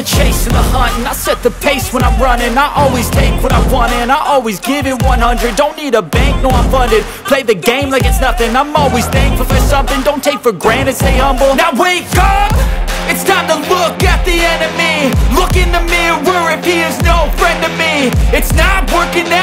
the chase and the hunt And I set the pace when I'm running I always take what I want and I always give it 100 Don't need a bank, no I'm funded Play the game like it's nothing I'm always thankful for something Don't take for granted, stay humble Now wake up! It's time to look at the enemy Look in the mirror if he is no friend to me It's not working out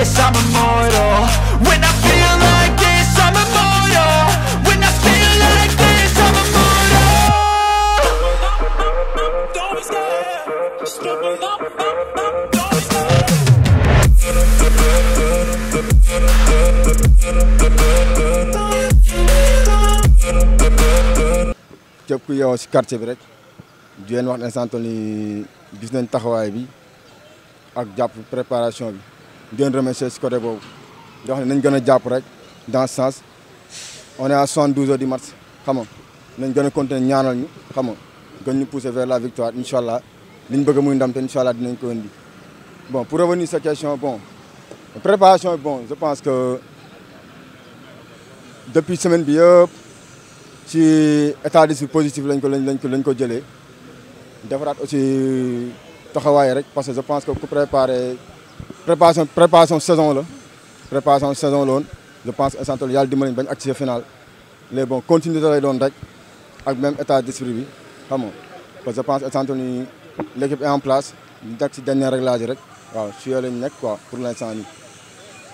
this, I'm immortal When I feel like this, I'm immortal When I feel like this, I'm immortal Don't be scared, stupid, up, up, up, don't be scared képp ku yow ci quartier bi rek di leen wax ne sant ni gis nañ taxawaay bi ak jàpp préparation bi di leen remercier si côté boobu di nañ gën a jàpp rek dans ce sens on est à 72 heures du match xam nañ gën a continuer ñaanal ñu xam nga gën ñu pousser vers la victoire incha allah li ñu bëgg muy ndam te incha allah dinañ ko indi bon pour revenir sa question bon préparation bon je pense que depuis semaine bi yëpp ci état d'esprit positif lañ ko lañ ko lañ ko jëlee defaraat aussi taxawaay rek parce que je pense que ku préparer. préparation préparation saison la préparation saison la woon je pense instant toll yàlla dimbali bañ agsi final léegi bon continuité lay doon rek ak même état d'esprit bi xam nga parce que je pense instant toll l'équipe est en place ñu jag si dernier réglage rek waaw su yooyu nekk quoi pour l'instant nii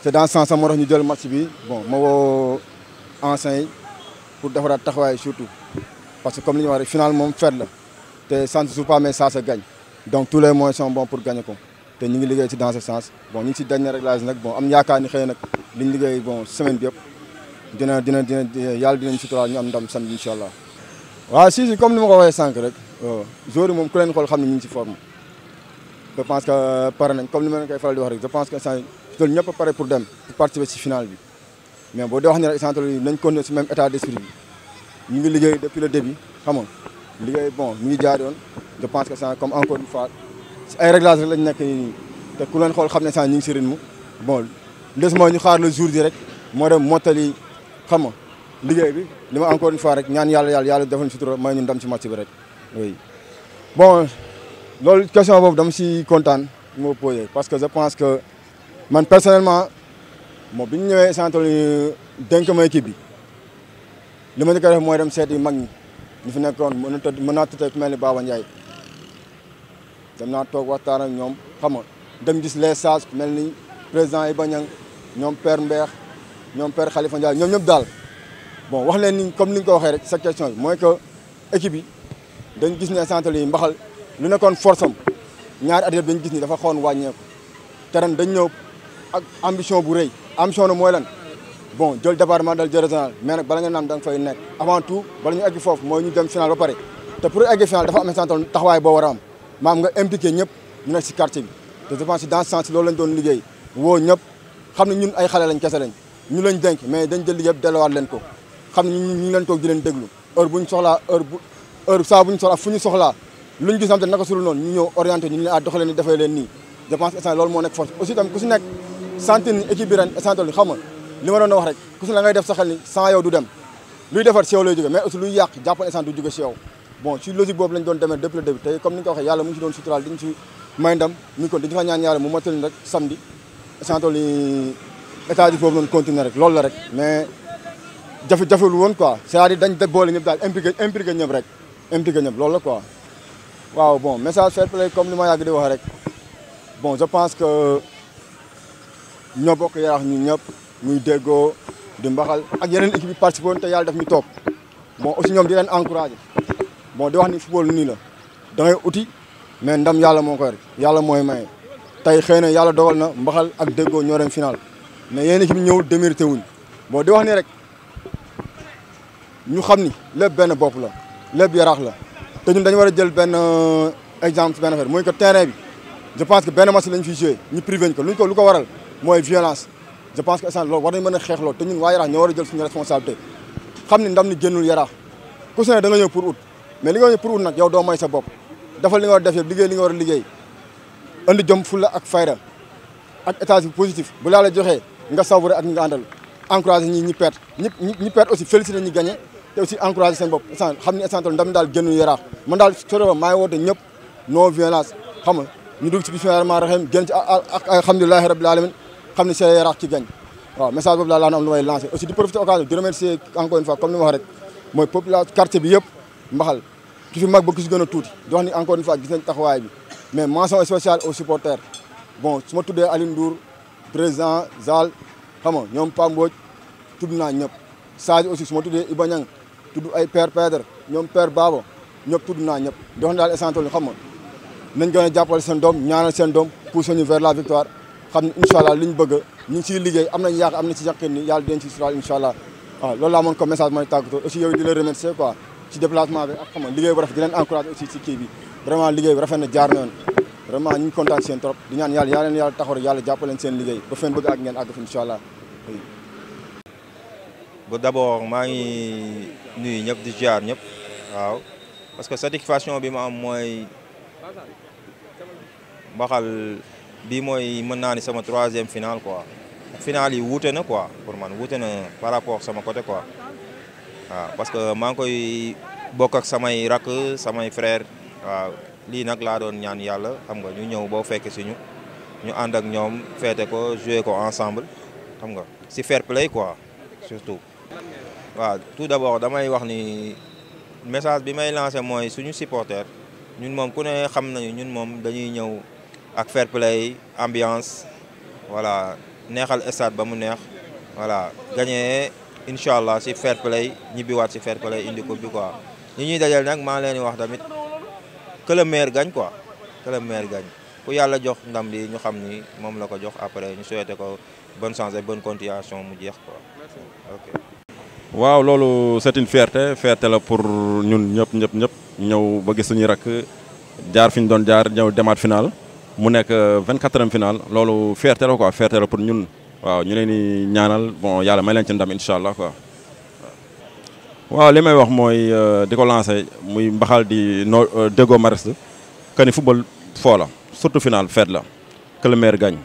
c'est dans ce sens moo tax ñu jël match bi bon ma woo anciens yi pour defaraat taxawaay surtout parce que comme li ñu wax rek final moom fête la te ça ne se joue pas mais ça se donc tous les moyens sont bons pour gagner ko te ñu ngi liggéey ci dans ce sens bon ñu ngi si dernier réglage nag bon am yaakaar ni xëy nag li liggéey bon semaine bi yëpp dina dina dina yàlla dinañ suturaal ñu am ndam samedi incha allah. waaw si si comme ni ma ko waxee rek joueur moom ku leen xool xam ne ñu ngi si forme je que pare nañ comme ni ma leen koy faral di wax rek je pense que sànq loolu ñëpp a pare pour dem pour participer si finale bi mais boo dee wax ne rek centre yi nañ continuer si même état ngi liggéey depuis le début jaar yoon je pense que sànq comme si ay réglage rek lañ nekk nii te ku leen xool xam ne sax ñu ngi si rythme bon des mooy ñu xaar le jour ji rek moo dem mottali xam nga liggéey bi li ma encore une fois rek ñaan yàlla yàlla yàlla defal sutura may ñu ndam si match bi rek bon loolu question boobu dama si kontaan moo posé parce que je pense que man personnellement moom bi ñu ñëwee santal dénk ma équipe bi li ma njëkk a def mooy dem seeti mag ñi ñu fi nekkoon mën na mën naa tëdd ku mel ni Baba Ndiaye. dem naa toog waxtaan ak ñoom xam nga dem gis les sages mel ni président Iba Niang ñoom père Mbeex ñoom père xalifa Ndiaye ñoom ñëpp daal bon wax leen ni comme ni nga ko waxee rek sa question yi mooy que équipe yi dañ gis ne central yi mbaxal lu nekkoon force am ñaari at yëpp dañ gis ni dafa xawoon wàññeeku te ren dañ ñëw ak ambition bu rëy ambition na mooy lan bon jël département dal jël régional mais nag bala nga naan da nga fay nekk avant tout bala ñu egg foofu mooy ñu dem final ba pare te pour egg final dafa am central taxawaay boo war a am maam nga impliqué ñëpp ñu nekk si quartier bi te je dans ce sens loolu lañ doon liggéey woo ñëpp xam ne ñun ay xale lañ kese lañ ñu lañ dénk mais dañ jël liggéey bi delluwaat leen ko xam ne ñu ngi leen toog di leen déglu heure bu ñu soxlaa heure bu heure saa bu ñu soxlaa ñu soxlaa lu ñu gis xam te naka sulu noonu ñu ñëw orienté ñu ne ah doxalee defee leen nii je pense instant loolu moo nekk force aussi tam ku si nekk sentir ni équipe bi ren instant nga li sa xel ni sans yow du dem luy defar si yow lay jóge mais aussi luy yàq jàpp instant du jóge si yow bon ci logique boobu lañ doon demee depuis le début tey comme ni nga ko waxee yàlla mu ngi suturaal di ñu ci may ndam ñu ngi ko dañu fa ñaan yàlla mu matal rek samedi santol yi état foofu noonu continuer rek loolu la rek mais jafe-jafewul woon quoi cest à dañ da boole ñëpp daal impliqué impliqué ñëpp rek impliqué ñëpp loolu la quoi waaw bon message fair play comme ni ma yàgg di wax rek bon je pense que ñoo bokk yaraax ñu ñëpp muy déggoo di mbaxal ak yeneen équipe yi participé te yàlla daf ñu toog bon aussi ñoom di leen bon di wax ni football nii la da uti mais ndam yàlla moo koy yàlla mooy maye. tey xëy na yàlla dogal na mbaxal ak déggoo ñoo dem final mais yéen équipe ñëw démérité wuñ bon di wax ni rek ñu xam ni lépp benn bopp la lépp yaraax la te ñun dañ war a jël benn euh, exemple ci benn affaire mooy que terrain bi je pense que benn match lañ fiy joué ñu privé ñu ko luñ ko lu ko waral mooy violence. je pense que instant loolu war nañ mën a xeex loolu te ñun waa yaraax ñoo a jël suñu responsabilité xam ni ndam ni génnul yaraax ku si pour ut. mais li nga wax pour doo may sa bopp defal li nga war def liggéey li nga war a liggéey andi jom fulla ak fayda ak état bi positif bu laa la nga savouré ak ñi nga àndal encouragé ñi ñi perte ñi aussi félicité ñi gagné aussi encouragé seen bopp instant xam ne instant ndam daal génn yaraax man daal soro maa ngi woote ñëpp non violence xam nga ñu dugg ci bismillahi rahmaani rahim génn ci alamin xam ne see yaraax ci gañ message boobu laa laa am lu may lancé aussi di profiter occasion di remercier encore une bi yëpp mbaxal ki fi mag ba ki si gën a tuuti di wax ni encore une fois gis nañ taxawaay bi mais mention spéciale aux bon su ma tuddee Alioune Ndour président Zal xam nga ñoom Pape Mbodj tudd naa ñëpp Sadio aussi su ma tuddee Iba Niang tudd ay père Pedre ñoom père Baba ñëpp tudd naa ñëpp di wax ne daal essentiel xam nga nañ gën a jàppale seen doom ñaanal seen doom pousse ñu vers la victoire xam ne incha allah li ñu bëgg liggéey am nañ yaakaar am na ci yaqin ni yàlla dinañ ci sural ci déplacement bi ak xam nga liggéey bu rafet di leen encouragé aussi si kii bi vraiment liggéey rafet na jaar na yoon vraiment ñu ngi kontaan seen trop di ñaan yàlla yàlla leen yàlla taxaw rek yàlla jàppaleen seen liggéey ba bëgg ak ngeen àgg fi incha allah bu d' abord maa ngi nuyu ñëpp di jaar ñëpp waaw parce que satisfaction bi ma am mooy mbaxal bii mooy mën naa ni sama troisième finale quoi final yi wuute na quoi pour man wuute na par rapport sama côté quoi waaw parce que maa ngi koy bokk ak samay rakk samay frère waaw lii nag laa doon ñaan yàlla xam nga ñu ñëw boo fekkee si ñu ñu ànd ak ñoom feete ko jouer ko ensemble xam nga si fair play quoi surtout. waaw tout d'abord damay wax ni message bi may lancé mooy suñu supporter ñun moom ku ne xam nañu ñun moom dañuy ñëw ak fair play ambiance voilà neexal stade ba mu neex voilà gagné. incha allah si fair play ñibbiwaat si fair play indi ko bi quoi ñi ñuy dajal nag maa leen di wax tamit que le maire gagne quoi que maire gagne ku yàlla jox ndam li ñu xam ni moom la ko jox après ñu souhaité ko bonne chance et bonne continuation mu jeex quoi waaw loolu c'est une fierté fierté la pour ñun ñëpp ñëpp ñëpp ñëw ba gis suñuy rakk jaar fi ñu doon jaar ñëw demaat final mu nekk euh, vingt-quatrième final loolu fierté la quoi fierté la pour ñun waaw ñu leen di ñaanal bon yàlla may leen ci ndam incha allah quoi. waaw li may wax mooy euh, di ko muy mbaxal di no euh, déggoo mariste que ni football foo la surtout final fête la que le maire gagne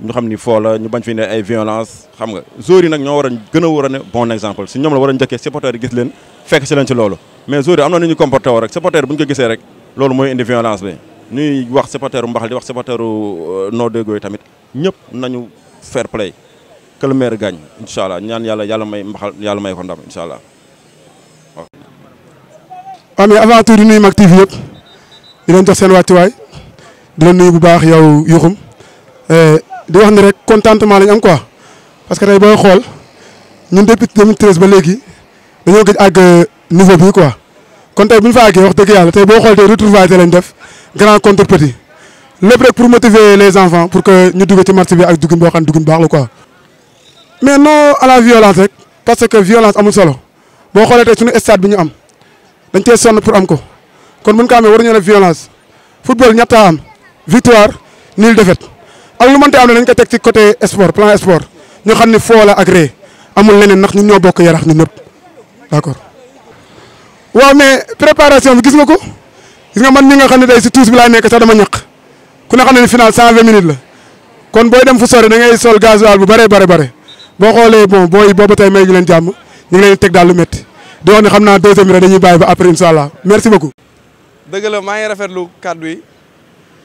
ñu xam ni foo la ñu bañ fi ne ay violence xam nga joueurs yi nag ñoo war a gën a war a ne bon exemple si ñoom la war a njëkkee supporters yi gis leen fekk si leen ci loolu mais joueurs yi am na nu ñu comporté woo rek supporter bu ñu ko gisee rek loolu mooy indi violence bi ñuy wax supporteru mbaxal di wax supporteru euh, noo déggoo yi tamit ñëpp nañu fair play que le maire gagne incha allah ñaan yàlla yàlla may mbaxal yàlla may ko ndam incha allah waaw. Ah, waaw mais avant tout di nuyu Mak TV yëpp di leen jox seen wàccuwaay di leen nuyu bu baax yow Yuxum eh, di wax ni rek contentement lañ am quoi parce que tey booy xool ñun depuis 2013 ba léegi dañoo gëj àgg euh, niveau bi quoi kon tey bu ñu fa àggee wax dëgg yàlla tey boo xool tey retrouvailles lañ def grand contre lépp rek pour motiver les enfants pour que ñu dugg ci match bi ak dugub boo xam dugub baax la quoi. mais non à la violence rek parce que violence amul solo boo xoolee te suñu stade bi ñu am dañ cee sonn pour am ko kon buñ ko amee waruñu ne violence football ñettaa am victoire nul défaite ak lu mënti am ne dañ ko teg ci côté sport plan sport ñu xam ne foo la ak ree amul leneen ndax ñun ñoo bokk yarax ñun ñëpp d'accord. waaw mais préparation bi gis nga ko gis nga man mi nga xam ne tey si tuus laa nekk sax dama ñaq. ku ne xam ne ni final 120 minutes la kon booy dem fu sori da ngay sol gasoil bu bëree bare bëri boo xoolee bon booy boobu tey may ñu leen jàmm ñu ngi leen teg daal lu métti di wax ne xam naa deuxième rek dañuy bàyyi ba après incha allah merci beaucoup. dëgg la maa ngi rafetlu kàddu yi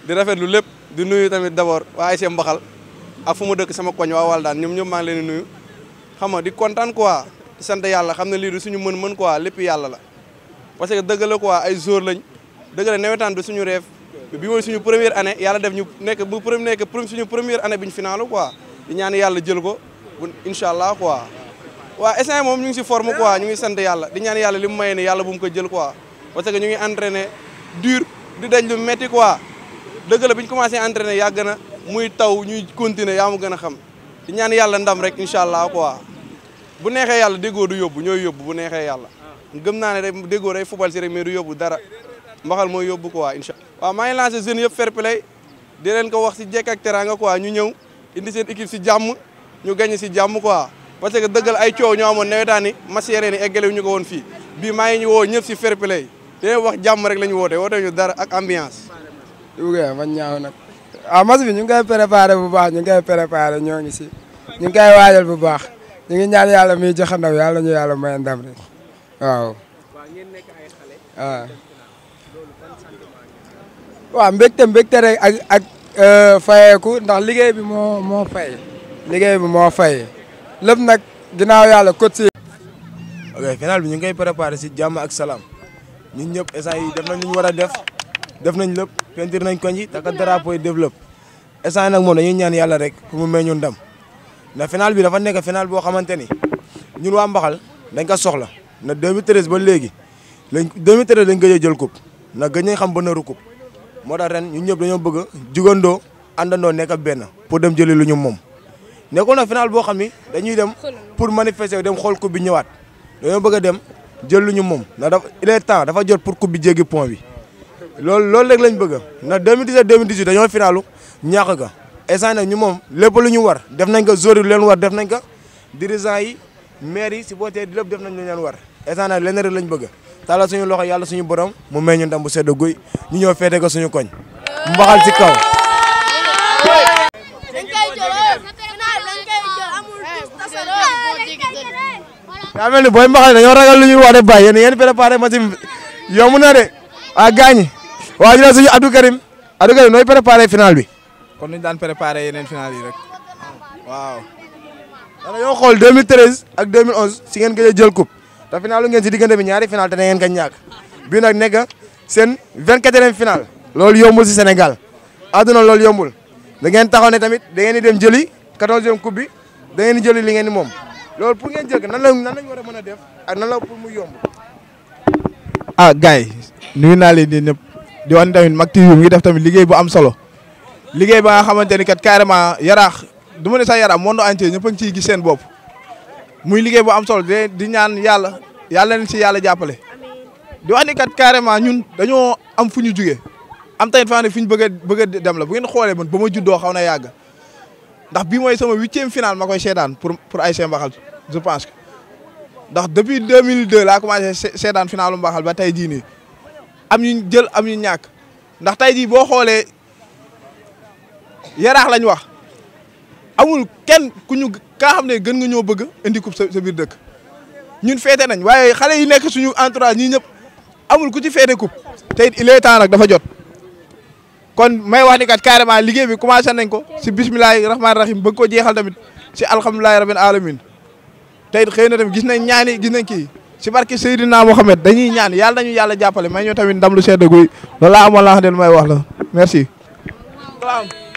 di rafetlu lépp di nuyu tamit d' abord waa ASC Mbaxal ak fu mu dëkk sama koñ waa Waldaan ñoom ñoom maa ngi leen nuyu xam nga di kontaan quoi sant yàlla xam ne lii du suñu mën-mën quoi lépp yàlla la parce que dëgg la ay jour lañ dëgg la nawetaan du suñu reef bi mooy suñu première année yàlla def ñu nekk bu premier nekk suñu première année bi ñu finaalu quoi di ñaan yàlla jël ko incha allah quoi waa instant moom ñu ngi si forme quoi ñu ngi sant yàlla di ñaan yàlla li mu may ne yàlla bu mu ko jël quoi parce que ñu ngi entraîné dur di daj lu métti quoi dëgg la bi ñu commencé entraîné yàgg na muy taw ñuy continuer yaa gën a xam di ñaan yàlla ndam rek incha allah quoi bu neexee yàlla déggoo du yóbbu ñooy yóbbu bu neexee yàlla gëm naa ne rek déggoo day fubal si rek mais du yóbbu dara mbaxal mooy yóbbu quoi incha allah waaw maa ngi lancé jeunes yëpp fair play di leen ko wax si jekk ak teraanga quoi ñu ñëw indi seen équipe si jàmm ñu gagné si jàmm quoi parce que dëggal ay coow ñoo amoon nawetaan ni match yeneen yi ñu ko woon fii bii maa ngi ñu woo ñëpp si fair play wax jàmm rek la ñu woote woote ñu dara ak ambiance. duggee man ñaaw nag waaw ah, match ñu ngi koy bu baax ñu ngi koy préparé ñoo ngi si ñu ngi koy waajal bu baax ñu ngi ñaan yàlla muy joxe ndam yàlla ñu yàlla may ndam rek waaw mbégte mbégte rek ak ak euh, fayeeku ndax liggéey bi moo moo fay liggéey bi moo fay lépp nag ginnaaw yàlla coach si ok final bi ñu ngi koy préparé si jàmm ak salaam ñun ñëpp instant yi def na li ñu war a def def nañ lépp peinture nañ ko ñi taka drapeau yi def lépp instant yi nag moom dañuy ñaan yàlla rek mu may ñu ndam ndax final bi dafa nekk final boo xamante ni ñun waa Mbaxal dañ ko soxla na 2013 ba léegi lañ 2013 lañ gëj a jël coupe na gëj nañ xam ba naru coupe moo tax ren ñun ñëpp dañoo bëgg a jugandoo àndandoo nekk benn pour dem jëli lu ñu moom nekkul na final boo xam ni dañuy dem pour manifester dem xool coupe bi ñëwaat dañoo bëgg a dem jël lu ñu moom ndax dafa il est temps dafa jot pour coupe bi jéggi point bi loolu loolu rek lañ bëgg ndax 2017 2018 dañoo finalu ñàkk ga instant nag ñu moom lépp lu ñu war def nañ ko joueurs yi leen war def nañ ko dirigeants yi maires yi supporters yi lépp def nañ lu leen war instant nag leneen rek lañ bëgg taalal suñu loxo yàlla suñu borom mu may ñu ndam bu sedd guy ñu ñëw féete ko suñu koñ mbaxal ci kaw. daa mel ni booy mbaxal dañoo ragal lu ñuy wax de na de ah gaañ waa ñu ne suñu Karim Abdou Karim nooy préparé final bi. kon ñu daan préparé yeneen final yi rek waaw. dana yoo xool te final ngeen si diggante bi ñaari final te ne ngeen ko ñàkk bii nag nekk seen vingt-quatrième final lool yombul si Sénégal àdduna lool yombul da ngeen taxaw ne tamit da ngeen di dem jëli quatorzième coupe bi da ngeen di jëli li ngeen di moom lool pour ngeen jël nan la nan lañ war a mën a def ak nan la pour mu yomb ah gars yi nuyu naa leen di ñëpp di wan tamit mag TV ngi def tamit liggéey bu am solo liggéey ba nga xamante ni kat carrément yaraax du ma ne sax yaraax monde entier ñëpp ciy gis seen bopp muy liggéey bu am solo di di ñaan yàlla yàlla leen si yàlla jàppale di wax ni kat carrément ñun dañoo am fu ñu jugee am tamit faa ne fi ñu bëgg bëgg a dem la bu ngeen xoolee man ba ma juddoo xaw na yàgg ndax bii mooy sama huitième finale ma koy seedaan pour pour ASC Mbaxal je pense que ndax depuis 2002 laa commencé seetaan finalu Mbaxal ba tey jii nii am ñu jël am ñu ñàkk ndax tey jii boo xoolee yaraax lañ wax. amul kenn ku ñu kaa xam ne gën nga ñoo bëgg indi coupe sa biir dëkk ñun féete nañ waaye xale yi nekk suñu entourage ñi ñëpp amul ku ci féete coupe te it il est temps nag dafa jot kon may wax ni kat carrément liggéey bi commencé nañ ko si bismillahi rahmaani rahim bëgg ko jeexal tamit si alhamdulilahi rabbil alamin te it xëy na tamit gis nañ ñaani gis nañ kii si barke Seydina Mohamed dañuy ñaan yàlla nañu yàlla jàppale may ñoo tamit ndam lu sedd guy loolu laa amoon laa xam ne may wax la merci.